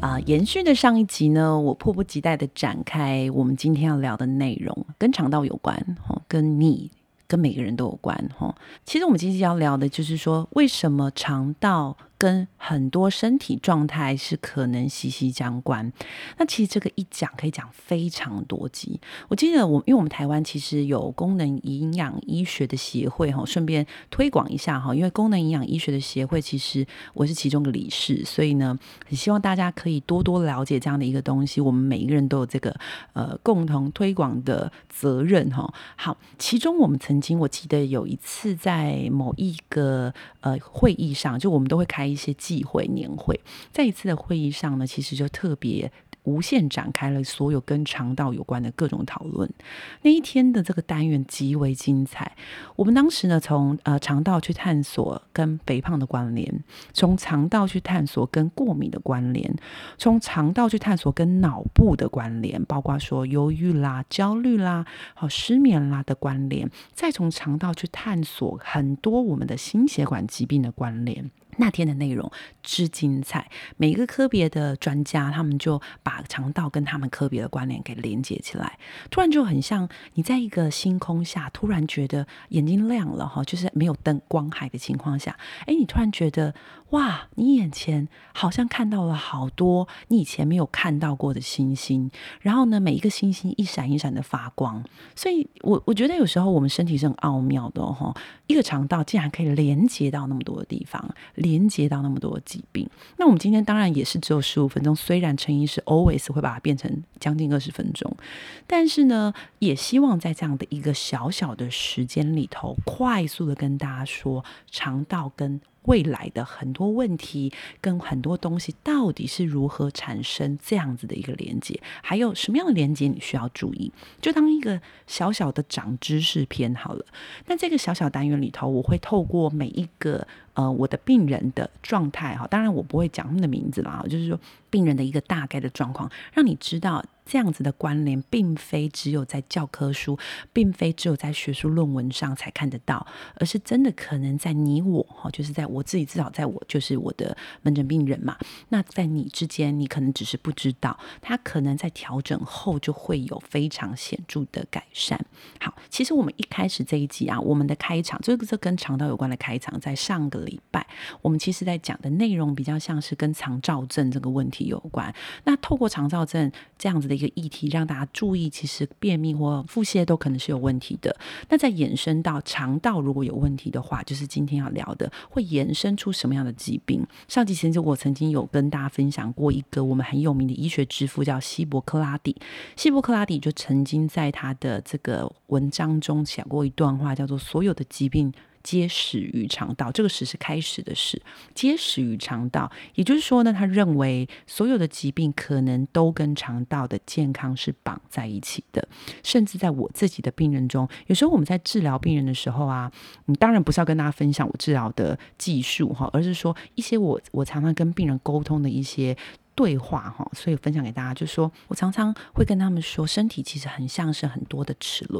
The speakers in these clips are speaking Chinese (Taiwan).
啊、呃，延續的上一集呢，我迫不及待的展開我們今天要聊的內容，跟腸道有關，吼，跟你跟每個人都有關，吼。其實我們今天要聊的就是說，為什麼腸道？跟很多身體狀態是可能息息相關。那其實這個一講可以講非常多集。我記得我，我因為我們台灣其實有功能營養醫學的協會哈，順便推廣一下哈。因為功能營養醫學的協會，其實我是其中的理事，所以呢，很希望大家可以多多了解這樣的一個東西。我們每一個人都有這個呃共同推廣的責任哈。好，其中我們曾經我記得有一次在某一個呃會議上，就我們都會開。一些聚會、年會，在一次的會議上呢，其實就特別無限展開了所有跟腸道有關的各種討論。那一天的這個單元極為精彩。我們當時呢，從呃腸道去探索跟肥胖的關聯，從腸道去探索跟過敏的關聯，從腸道去探索跟腦部的關聯，包括說憂鬱啦、焦慮啦、好、哦、失眠啦的關聯，再從腸道去探索很多我們的心血管疾病的關聯。那天的內容之精彩，每一個科別的專家，他們就把腸道跟他們科別的關聯給連接起來，突然就很像你在一個星空下，突然覺得眼睛亮了哈，就是沒有燈光害的情況下，哎，你突然覺得。哇，你眼前好像看到了好多你以前沒有看到過的星星，然後呢，每一個星星一閃一閃的發光。所以，我我覺得有時候我們身體是很奧妙的哦，一個腸道竟然可以連接到那麼多的地方，連接到那麼多的疾病。那我們今天當然也是只有十五分鐘，雖然陳醫師 always 會把它變成將近二十分鐘，但是呢，也希望在這樣的一個小小的時間裡頭，快速的跟大家說腸道跟。未來的很多問題跟很多東西到底是如何產生這樣子的一個連接，還有什麼樣的連接你需要注意，就當一個小小的長知識篇好了。但這個小小單元裡頭，我會透過每一個。呃，我的病人的狀態哈，當然我不會講他們的名字啦，就是說病人的一個大概的狀況，讓你知道這樣子的關聯，並非只有在教科書，並非只有在學術論文上才看得到，而是真的可能在你我哈，就是在我自己，至少在我，就是我的門診病人嘛，那在你之間，你可能只是不知道，他可能在調整後就會有非常顯著的改善。好，其實我們一開始這一集啊，我們的開場這個這跟腸道有關的開場，在上個。禮拜，我們其實在講的內容比較像是跟腸躁症這個問題有關。那透過腸躁症這樣子的一個議題，讓大家注意，其實便秘或腹瀉都可能是有問題的。那再延伸到腸道如果有問題的話，就是今天要聊的，會延伸出什麼樣的疾病？上集前就我曾經有跟大家分享過一個我們很有名的醫學之父，叫希伯克拉底。希伯克拉底就曾經在他的這個文章中寫過一段話，叫做“所有的疾病”。疾始於腸道，這個“始”是開始的“始”。疾始於腸道，也就是說呢，他認為所有的疾病可能都跟腸道的健康是綁在一起的。甚至在我自己的病人中，有時候我們在治療病人的時候啊，當然不是要跟大家分享我治療的技術哈，而是說一些我我常常跟病人溝通的一些。對話哈，所以分享給大家，就是說我常常會跟他們說，身體其實很像是很多的齒輪，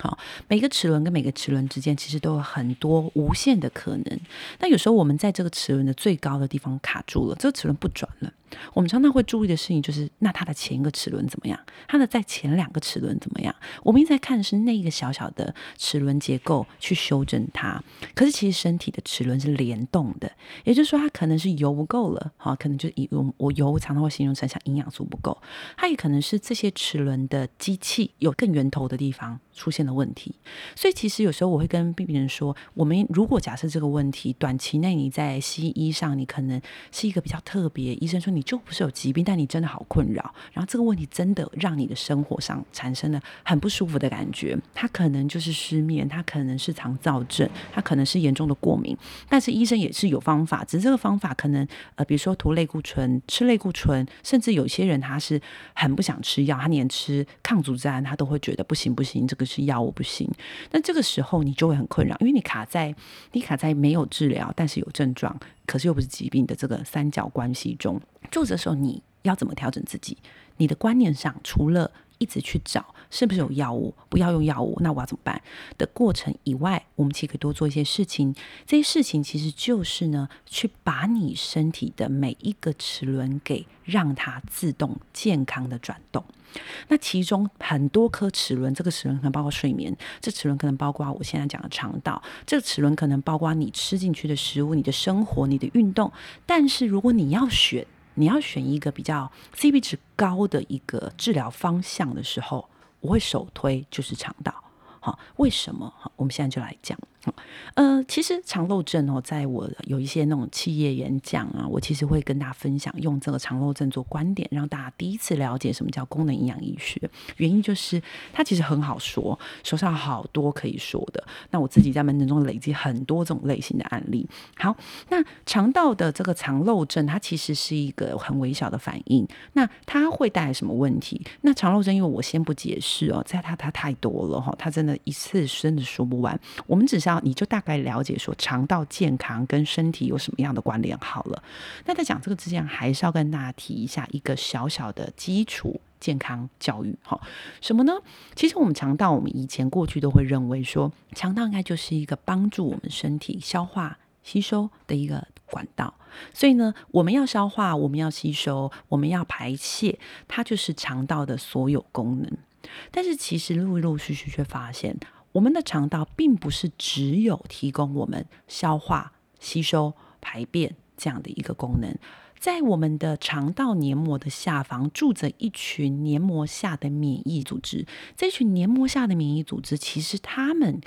好，每個齒輪跟每個齒輪之間其實都有很多無限的可能。但有時候我們在這個齒輪的最高的地方卡住了，這個齒輪不轉了。我們常常會注意的事情就是，那它的前一個齒輪怎麼樣？它的在前兩個齒輪怎麼樣？我們一直在看的是那一個小小的齒輪結構，去修正它。可是其實身體的齒輪是聯動的，也就是說，它可能是油不夠了，哈，可能就是以我油常常會形容成像營養素不夠，它也可能是這些齒輪的機器有更源頭的地方。出現了問題，所以其實有時候我會跟病人說：我們如果假設這個問題短期內你在西醫上，你可能是一個比較特別醫生說你就不是有疾病，但你真的好困擾，然後這個問題真的讓你的生活上產生了很不舒服的感覺。他可能就是失眠，他可能是腸躁症，他可能是嚴重的過敏，但是醫生也是有方法，只是這個方法可能呃，比如說塗類固醇、吃類固醇，甚至有些人他是很不想吃藥，他連吃抗組胺他都會覺得不行不行，這個。是藥我不行，那這個時候你就會很困擾，因為你卡在你卡在沒有治療，但是有症狀，可是又不是疾病的這個三角關係中。就這時候你要怎麼調整自己？你的觀念上除了。一直去找是不是有藥物？不要用藥物，那我要怎麼辦？的過程以外，我們其實可以多做一些事情。這些事情其實就是呢，去把你身體的每一個齒輪給讓它自動健康的轉動。那其中很多顆齒輪，這個齒輪可能包括睡眠，這個齒輪可能包括我現在講的腸道，這個齒輪可能包括你吃進去的食物、你的生活、你的運動。但是如果你要選。你要選一個比較 CP 值高的一個治療方向的時候，我會首推就是腸道。好，為什麼？好，我們現在就來講。呃、嗯，其實腸漏症哦，在我有一些那種企業演講啊，我其實會跟大家分享用這個腸漏症做觀點，讓大家第一次了解什麼叫功能營養醫學。原因就是它其實很好說，手上好多可以說的。那我自己在門診中累積很多這種類型的案例。好，那腸道的這個腸漏症，它其實是一個很微小的反應。那它會帶來什麼問題？那腸漏症，因為我先不解釋哦，在它它太多了哈、哦，它真的一次真的說不完。我們只是要。你就大概了解說腸道健康跟身體有什麼樣的關聯好了。那在講這個之前，還是要跟大家提一下一個小小的基礎健康教育哈。什麼呢？其實我們腸道，我們以前過去都會認為說，腸道應該就是一個幫助我們身體消化吸收的一個管道。所以呢，我們要消化，我們要吸收，我們要排泄，它就是腸道的所有功能。但是其實陸陸續續卻發現。我們的腸道並不是只有提供我們消化、吸收、排便這樣的一個功能，在我們的腸道黏膜的下方住着一群黏膜下的免疫組織，這群黏膜下的免疫組織，其實他們。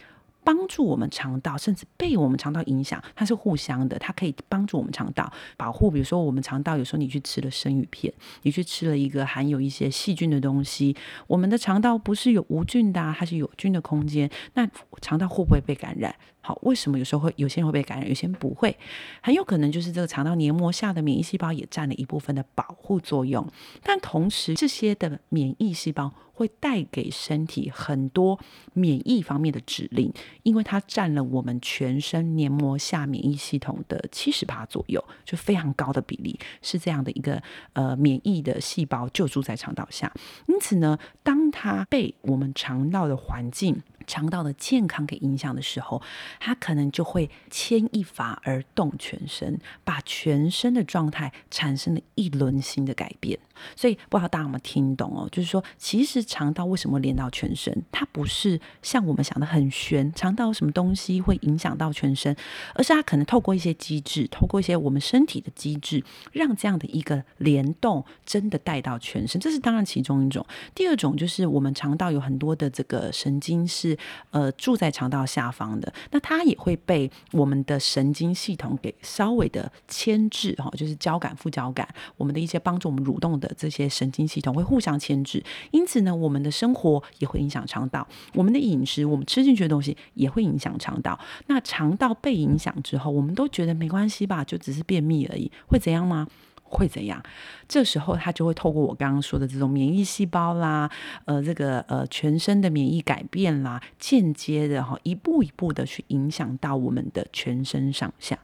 幫助我們腸道，甚至被我們腸道影響，它是互相的。它可以幫助我們腸道保護。比如說，我們腸道有時候你去吃了生魚片，你去吃了一個含有一些細菌的東西，我們的腸道不是有無菌的啊，它是有菌的空間。那腸道會不會被感染？好，為什麼有時候會有些人會被感染，有些人不會？很有可能就是這個腸道黏膜下的免疫細胞也佔了一部分的保護作用。但同時，這些的免疫細胞。會帶給身體很多免疫方面的指令，因為它佔了我們全身黏膜下免疫系統的七十趴左右，就非常高的比例，是這樣的一個呃免疫的細胞就住在腸道下。因此呢，當它被我們腸道的環境。腸道的健康給影響的時候，它可能就會牽一髮而動全身，把全身的狀態產生了一輪新的改變。所以不知道大家有沒有聽懂哦？就是說，其實腸道為什麼連到全身，它不是像我們想的很玄，腸道有什麼東西會影響到全身，而是它可能透過一些機制，透過一些我們身體的機制，讓這樣的一個聯動真的帶到全身。這是當然其中一種。第二種就是我們腸道有很多的這個神經是。呃，住在腸道下方的，那它也會被我們的神經系統給稍微的牽制哈，就是交感副交感，我們的一些幫助我們蠕動的這些神經系統會互相牽制，因此呢，我們的生活也會影響腸道，我們的飲食，我們吃進去的東西也會影響腸道。那腸道被影響之後，我們都覺得沒關係吧，就只是便秘而已，會怎樣嗎？會怎樣？這時候他就會透過我剛剛說的這種免疫細胞啦，呃，這個呃全身的免疫改變啦，間接的哈、哦，一步一步的去影響到我們的全身上下。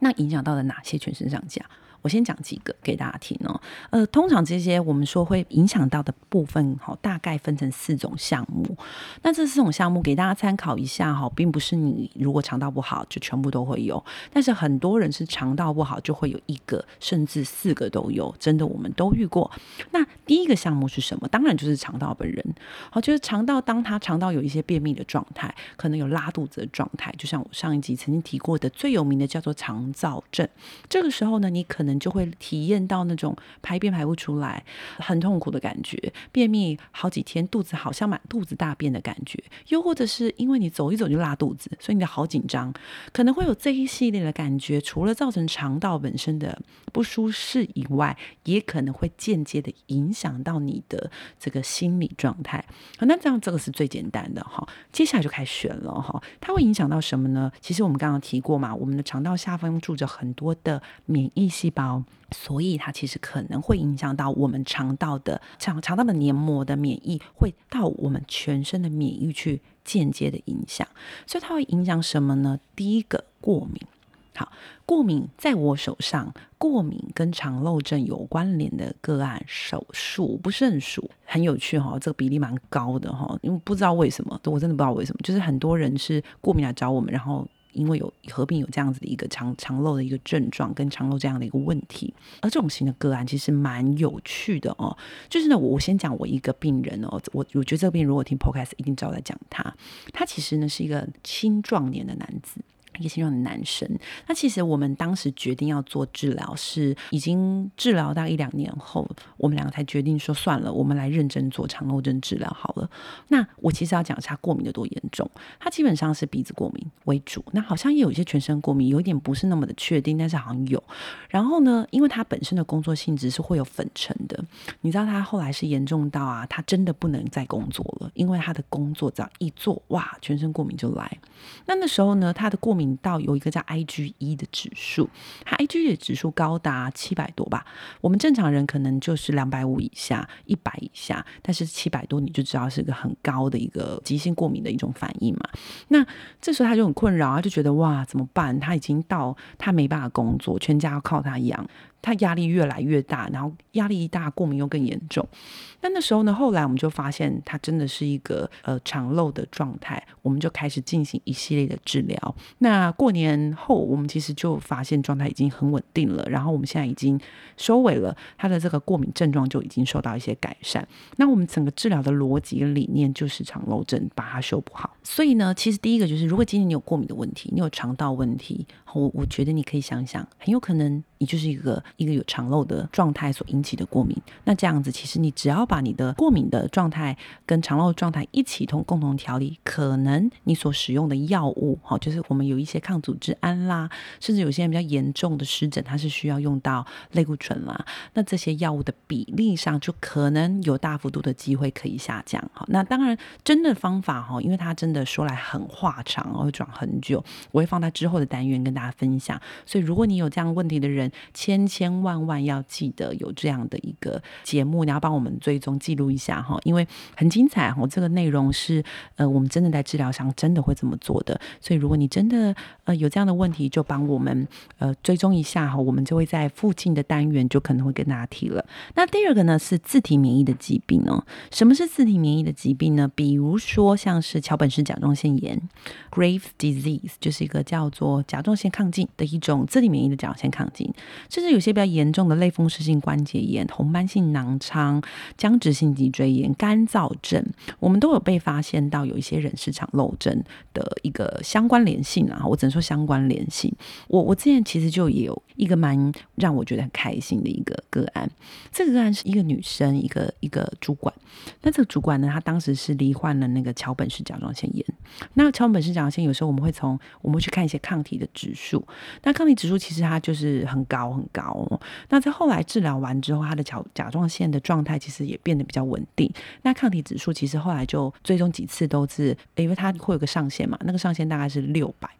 那影響到了哪些全身上下？我先講幾個給大家聽哦，呃，通常這些我們說會影響到的部分，哦，大概分成四種項目。那這四種項目給大家參考一下哈，哦，並不是你如果腸道不好就全部都會有，但是很多人是腸道不好就會有一個甚至四個都有，真的我們都遇過。那第一個項目是什麼？當然就是腸道本人，好，哦，就是腸道，當他腸道有一些便秘的狀態，可能有拉肚子的狀態，就像我上一集曾經提過的最有名的叫做腸躁症。這個時候呢，你可能可能就會體驗到那種排便排不出來、很痛苦的感覺；便秘好幾天，肚子好像滿肚子大便的感覺；又或者是因為你走一走就拉肚子，所以你的好緊張，可能會有這一系列的感覺。除了造成腸道本身的不舒適以外，也可能會間接的影響到你的這個心理狀態。那這樣這個是最簡單的哈。接下來就開始選了哈，它會影響到什麼呢？其實我們剛剛提過嘛，我們的腸道下方住着很多的免疫細胞。包，所以它其實可能會影響到我們腸道的腸腸道的黏膜的免疫，會到我們全身的免疫去間接的影響。所以它會影響什麼呢？第一個過敏，好，過敏在我手上，過敏跟腸漏症有關聯的個案手術不勝數，很有趣哈、哦，這個比例蠻高的哈、哦，因為不知道為什麼，我真的不知道為什麼，就是很多人是過敏來找我們，然後。因為有合併有這樣子的一個腸腸漏的一個症狀跟腸漏這樣的一個問題，而這種型的個案其實蠻有趣的哦。就是呢，我我先講我一個病人哦，我我覺得這個病人如果聽 podcast 一定知道在講他。他其實呢是一個青壯年的男子。一個心中的男神。那其實我們當時決定要做治療，是已經治療到一兩年後，我們兩個才決定說算了，我們來認真做腸漏症治療好了。那我其實要講一下過敏的多嚴重，他基本上是鼻子過敏為主，那好像也有一些全身過敏，有一點不是那麼的確定，但是好像有。然後呢，因為他本身的工作性質是會有粉塵的，你知道他後來是嚴重到啊，他真的不能再工作了，因為他的工作只要一做，哇，全身過敏就來。那那時候呢，他的過敏。到有一個叫 IgE 的指數，它 IgE 的指數高達七百多吧，我們正常人可能就是兩百五以下、一百以下，但是七百多你就知道是一個很高的一個急性過敏的一種反應嘛。那這時候他就很困擾啊，他就覺得哇怎麼辦？他已經到他沒辦法工作，全家要靠他養，他壓力越來越大，然後壓力一大，過敏又更嚴重。那那時候呢，後來我們就發現他真的是一個呃腸漏的狀態，我們就開始進行一系列的治療。那那過年後，我們其實就發現狀態已經很穩定了。然後我們現在已經收尾了，他的這個過敏症狀就已經受到一些改善。那我們整個治療的邏輯理念就是腸漏症，把它修補好。所以呢，其實第一個就是，如果今天你有過敏的問題，你有腸道問題。我我覺得你可以想想，很有可能你就是一個一個有腸漏的狀態所引起的過敏。那這樣子，其實你只要把你的過敏的狀態跟腸漏的狀態一起同共同調理，可能你所使用的藥物，就是我們有一些抗組織胺啦，甚至有些比較嚴重的濕疹，它是需要用到類固醇啦。那這些藥物的比例上，就可能有大幅度的機會可以下降。好，那當然真的方法，哈，因為它真的說來很話長，會轉很久，我會放在之後的單元跟大家分享，所以如果你有這樣問題的人，千千萬萬要記得有這樣的一個節目，你要幫我們追蹤記錄一下哈，因為很精彩哈，這個內容是呃我們真的在治療上真的會這麼做的，所以如果你真的呃有這樣的問題，就幫我們呃追蹤一下哈，我們就會在附近的單元就可能會跟大家提了。那第二個呢是自體免疫的疾病哦、喔，什麼是自體免疫的疾病呢？比如說像是橋本氏甲狀腺炎 g r a v e disease） 就是一個叫做甲狀腺。亢進的一種，自體免疫的甲狀腺亢進，甚至有些比較嚴重的類風濕性關節炎、紅斑性狼瘡、僵直性脊椎炎、乾燥症，我們都有被發現到有一些人是腸漏症的一個相關聯性啊，我只能說相關聯性。我我之前其實就也有一個蠻讓我覺得很開心的一個個案，這個個案是一個女生，一個一個主管。那這個主管呢，她當時是罹患了那個橋本氏甲狀腺炎。那橋本氏甲狀腺有時候我們會從，我們會去看一些抗體的值。數，那抗體指數其實它就是很高很高哦。那在後來治療完之後，他的甲甲狀腺的狀態其實也變得比較穩定。那抗體指數其實後來就最終幾次都是，因為它會有個上限嘛，那個上限大概是六百。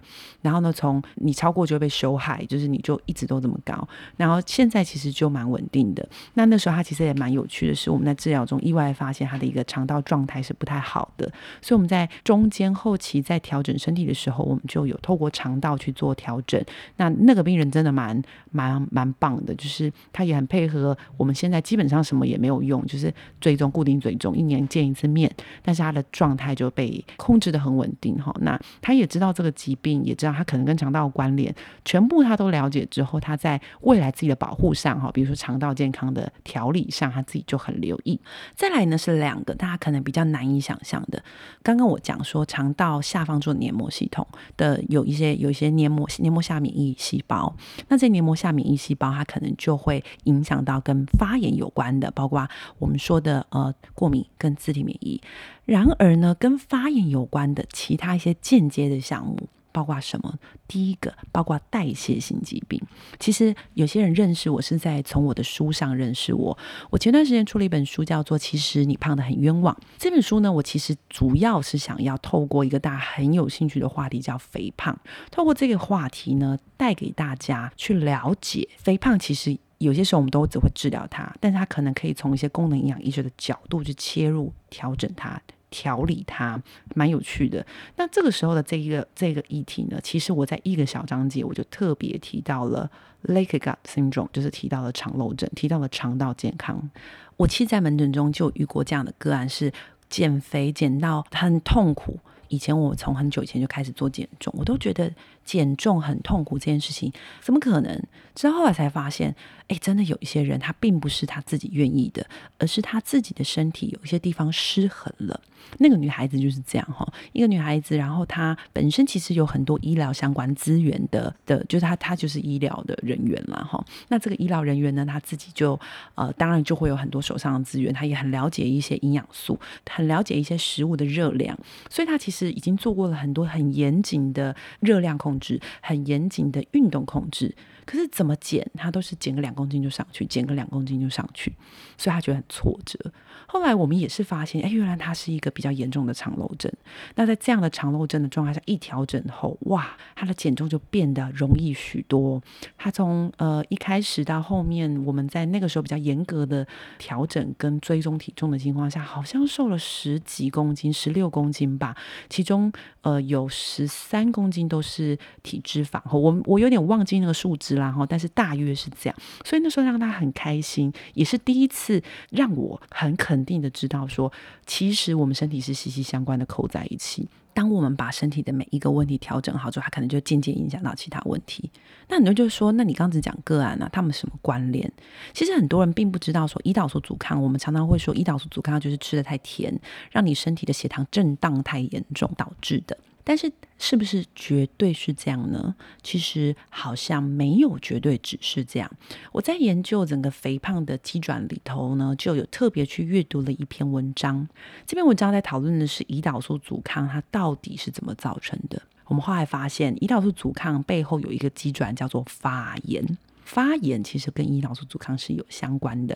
然後呢，從你超過就會被修害，就是你就一直都這麼高。然後現在其實就蠻穩定的。那那時候他其實也蠻有趣的是，我們在治療中意外發現他的一個腸道狀態是不太好的，所以我們在中間後期在調整身體的時候，我們就有透過腸道去做調。調整，那那個病人真的蠻蠻蠻棒的，就是他也很配合。我們現在基本上什麼也沒有用，就是追蹤、固定追蹤，一年見一次面。但是他的狀態就被控制得很穩定哈。那他也知道這個疾病，也知道他可能跟腸道關聯，全部他都了解之後，他在未來自己的保護上哈，比如說腸道健康的調理上，他自己就很留意。再來呢，是兩個大家可能比較難以想象的。剛剛我講說腸道下方做黏膜系統的有一些，有一些黏膜，黏膜下免疫細胞，那這黏膜下免疫細胞，它可能就會影響到跟發炎有關的，包括我們說的呃過敏跟自體免疫。然而呢，跟發炎有關的其他一些間接的項目。包括什麼？第一個，包括代謝性疾病。其實有些人認識我是在從我的書上認識我。我前段時間出了一本書，叫做《其實你胖得很冤枉》。這本書呢，我其實主要是想要透過一個大家很有興趣的話題，叫肥胖。透過這個話題呢，帶給大家去了解肥胖。其實有些時候我們都只會治療它，但是它可能可以從一些功能營養醫學的角度去切入調整它。調理它蠻有趣的。那這個時候的這一個這個議題呢，其實我在一個小章節我就特別提到了 leaky gut syndrome，就是提到了腸漏症，提到了腸道健康。我其實，在門診中就遇過這樣的個案，是減肥減到很痛苦。以前我從很久以前就開始做減重，我都覺得，減重很痛苦這件事情怎麼可能？直到後來才發現，哎、欸，真的有一些人他並不是他自己願意的，而是他自己的身體有一些地方失衡了。那個女孩子就是這樣哈，一個女孩子，然後她本身其實有很多醫療相關資源的，的就是她她就是醫療的人員了哈。那這個醫療人員呢，他自己就呃，當然就會有很多手上的資源，他也很了解一些營養素，很了解一些食物的熱量，所以他其實已經做過了很多很嚴謹的熱量控制。很嚴謹的運動控制，可是怎麼減？他都是減個兩公斤就上去，減個兩公斤就上去。所以他覺得很挫折。後來我們也是發現，哎，原來他是一個比較嚴重的長漏症。那在這樣的長漏症的狀態下，一調整後，哇，他的減重就變得容易許多。他從呃一開始到後面，我們在那個時候比較嚴格的調整跟追蹤體重的情況下，好像瘦了十幾公斤，十六公斤吧。其中呃有十三公斤都是體脂肪，哈，我我有點忘記那個數值啦，哈，但是大約是這樣。所以那時候讓他很開心，也是第一次。是讓我很肯定的知道說，說其實我們身體是息息相關的，扣在一起。當我們把身體的每一個問題調整好之後，它可能就漸漸影響到其他問題。那很多人就說，那你剛才講個案啊，他們什麼關聯？其實很多人並不知道，說胰島素阻抗，我們常常會說胰島素阻抗就是吃得太甜，讓你身體的血糖震盪太嚴重導致的。但是，是不是絕對是這樣呢？其實好像沒有絕對只是這樣。我在研究整個肥胖的機轉裡頭呢，就有特別去閱讀了一篇文章。這篇文章在討論的是胰島素阻抗，它到底是怎麼造成的？我們後來發現，胰島素阻抗背後有一個機轉，叫做發炎。發炎其實跟胰島素阻抗是有相關的，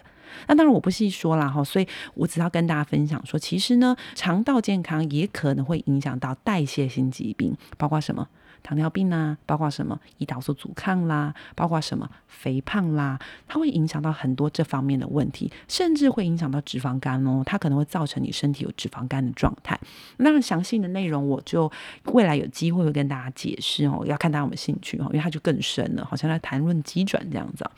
那當然我不細說了哈，所以我只要跟大家分享說，其實呢，腸道健康也可能會影響到代謝性疾病，包括什麼？糖尿病啊，包括什麼胰島素阻抗啦，包括什麼肥胖啦，它會影響到很多這方面的問題，甚至會影響到脂肪肝哦，它可能會造成你身體有脂肪肝的狀態。那詳細的內容我就未來有機會會跟大家解釋哦，要看大家有沒有興趣哦，因為它就更深了，好像在談論機轉這樣子。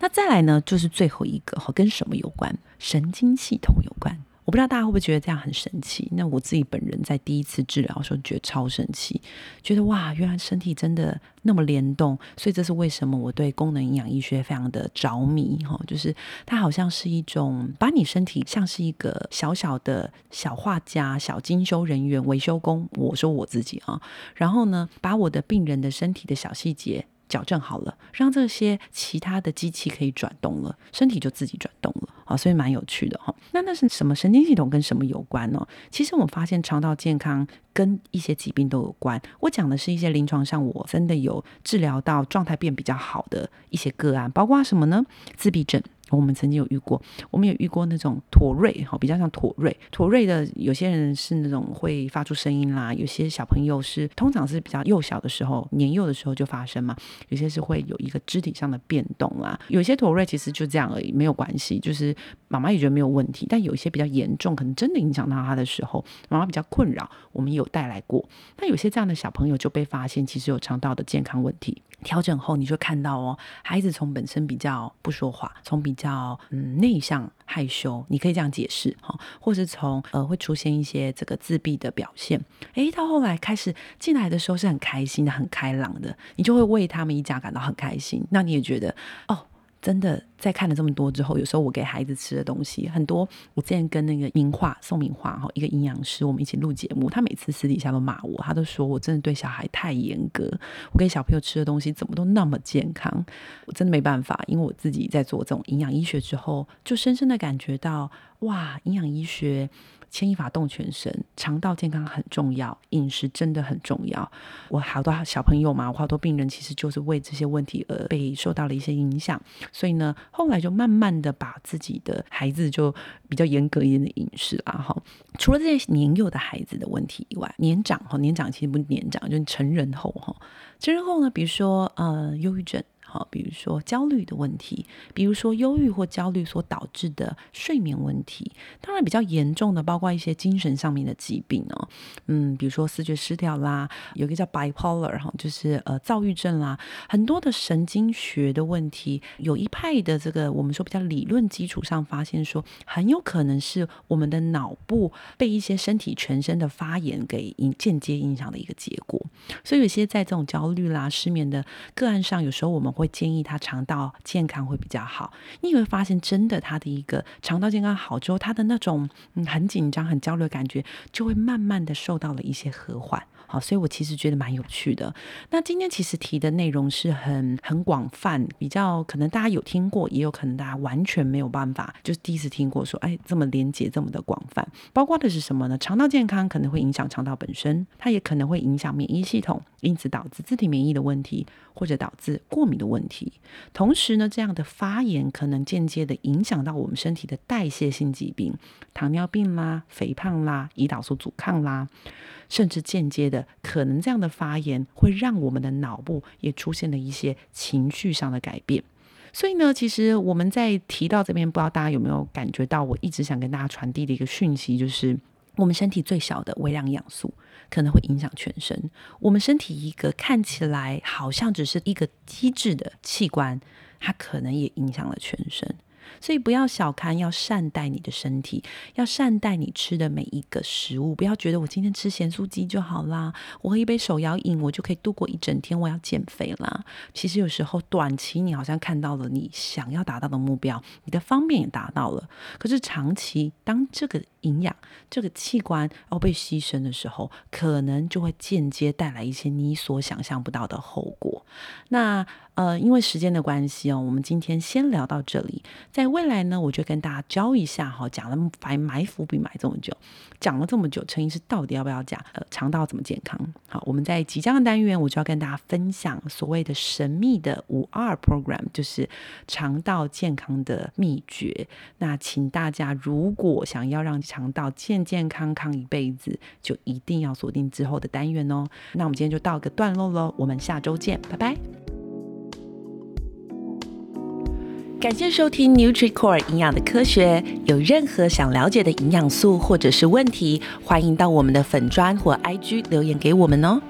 那再來呢，就是最後一個哈，跟什麼有關？神經系統有關。我不知道大家會不會覺得這樣很神奇？那我自己本人在第一次治療的時候，覺得超神奇，覺得哇，原來身體真的那麼聯動。所以這是為什麼我對功能營養醫學非常的着迷哈，就是它好像是一種把你身體像是一個小小的、小畫家、小精修人員、維修工。我說我自己啊，然後呢，把我的病人的身體的小細節。矯正好了，讓這些其他的機器可以轉動了，身體就自己轉動了啊，所以蠻有趣的哈。那那是什麼神經系統跟什麼有關呢？其實我發現腸道健康跟一些疾病都有關。我講的是一些臨床上我真的有治療到狀態變比較好的一些個案，包括什麼呢？自閉症。我們曾經有遇過，我們也遇過那種妥瑞，哈，比較像妥瑞。妥瑞的有些人是那種會發出聲音啦，有些小朋友是通常是比較幼小的時候，年幼的時候就發生嘛。有些是會有一個肢體上的變動啊，有些妥瑞其實就這樣而已，沒有關係，就是媽媽也覺得沒有問題。但有一些比較嚴重，可能真的影響到他的時候，媽媽比較困擾。我們有帶來過，那有些這樣的小朋友就被發現其實有腸道的健康問題。調整後，你就看到，哦，孩子從本身比較不說話，從比較嗯內向害羞，你可以這樣解釋哈，或是從呃會出現一些這個自閉的表現，誒，到後來開始進來的時候是很開心的、很開朗的，你就會為他們一家感到很開心，那你也覺得哦。真的在看了這麼多之後，有時候我給孩子吃的東西很多。我之前跟那個明樺宋明樺哈，一個營養師，我們一起錄節目。他每次私底下都罵我，他都說我真的對小孩太嚴格。我給小朋友吃的東西怎麼都那麼健康？我真的沒辦法，因為我自己在做這種營養醫學之後，就深深的感覺到哇，營養醫學。牽一髮動全身，腸道健康很重要，飲食真的很重要。我好多小朋友嘛，我好多病人其實就是為這些問題而被受到了一些影響，所以呢，後來就慢慢的把自己的孩子就比較嚴格一點的飲食啦，哈。除了這些年幼的孩子的問題以外，年長哈，年長其實不是年長，就是成人後哈，成人後呢，比如說呃，憂鬱症。好，比如說焦慮的問題，比如說憂鬱或焦慮所導致的睡眠問題，當然比較嚴重的，包括一些精神上面的疾病哦，嗯，比如說思覺失調啦，有一個叫 bipolar，哈，就是呃躁鬱症啦，很多的神經學的問題，有一派的這個我們說比較理論基礎上發現說，很有可能是我們的腦部被一些身體全身的發炎給間接影響的一個結果，所以有些在這種焦慮啦失眠的個案上，有時候我們。會建議他腸道健康會比較好，你會發現真的他的一個腸道健康好之後，他的那種、嗯、很緊張、很焦慮的感覺就會慢慢的受到了一些和緩。好，所以我其實覺得蠻有趣的。那今天其實提的內容是很很廣泛，比較可能大家有聽過，也有可能大家完全沒有辦法，就是第一次聽過說，哎，這麼連結，這麼的廣泛，包括的是什麼呢？腸道健康可能會影響腸道本身，它也可能會影響免疫系統，因此導致自體免疫的問題，或者導致過敏的問題，同時呢，這樣的發炎可能間接的影響到我們身體的代謝性疾病，糖尿病啦、肥胖啦、胰島素阻抗啦，甚至間接的，可能這樣的發炎會讓我們的腦部也出現了一些情緒上的改變。所以呢，其實我們在提到這邊，不知道大家有沒有感覺到，我一直想跟大家傳遞的一個訊息就是。我們身體最小的微量營養素，可能會影響全身。我們身體一個看起來好像只是一個機制的器官，它可能也影響了全身。所以不要小看，要善待你的身體，要善待你吃的每一個食物。不要覺得我今天吃鹹酥雞就好啦，我喝一杯手搖飲，我就可以度過一整天。我要減肥啦。其實有時候短期你好像看到了你想要達到的目標，你的方面也達到了。可是長期當這個。營養這個器官要、哦、被犧牲的時候，可能就會間接帶來一些你所想象不到的後果。那呃，因為時間的關係哦，我們今天先聊到這裡。在未來呢，我就跟大家教一下哈，講了埋埋伏筆埋這麼久，講了這麼久，陳醫師到底要不要講呃，腸道怎麼健康？好，我們在即將的單元，我就要跟大家分享所謂的神秘的 5R program，就是腸道健康的秘訣。那請大家如果想要讓腸道健健康康一輩子，就一定要鎖定之後的單元哦。那我們今天就到一個段落嘍，我們下周見，拜拜！感謝收聽 NutriCore 營養的科學，有任何想了解的營養素或者是問題，歡迎到我們的粉專或 IG 留言給我們哦。